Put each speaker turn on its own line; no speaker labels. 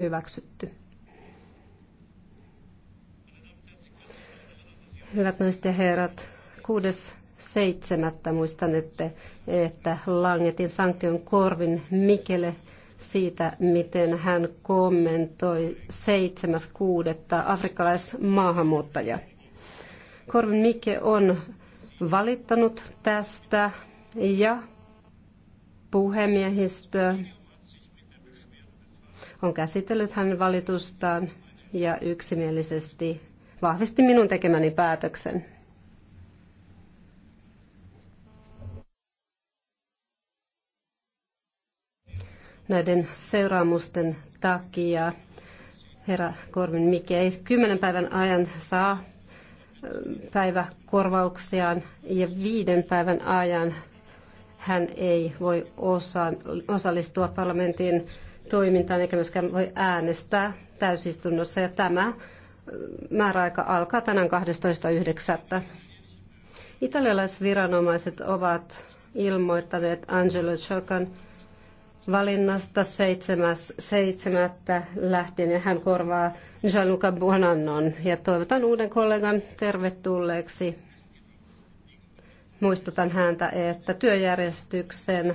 hyväksytty. Hyvät naiset ja herrat, 6.7. muistanette, että langetin sankion korvin Mikele siitä, miten hän kommentoi 7.6. afrikkalaismaahanmuuttaja. Korvin Mikke on valittanut tästä ja puhemiehistö on käsitellyt hänen valitustaan ja yksimielisesti vahvisti minun tekemäni päätöksen. Näiden seuraamusten takia herra Korvin Mikki ei kymmenen päivän ajan saa päiväkorvauksiaan ja viiden päivän ajan hän ei voi osallistua parlamentin toimintaan eikä myöskään voi äänestää täysistunnossa ja tämä äh, määräaika alkaa tänään 12.9. viranomaiset ovat ilmoittaneet Angelo Chokan valinnasta 7.7. lähtien ja hän korvaa Gianluca Buonannon ja toivotan uuden kollegan tervetulleeksi. Muistutan häntä, että työjärjestyksen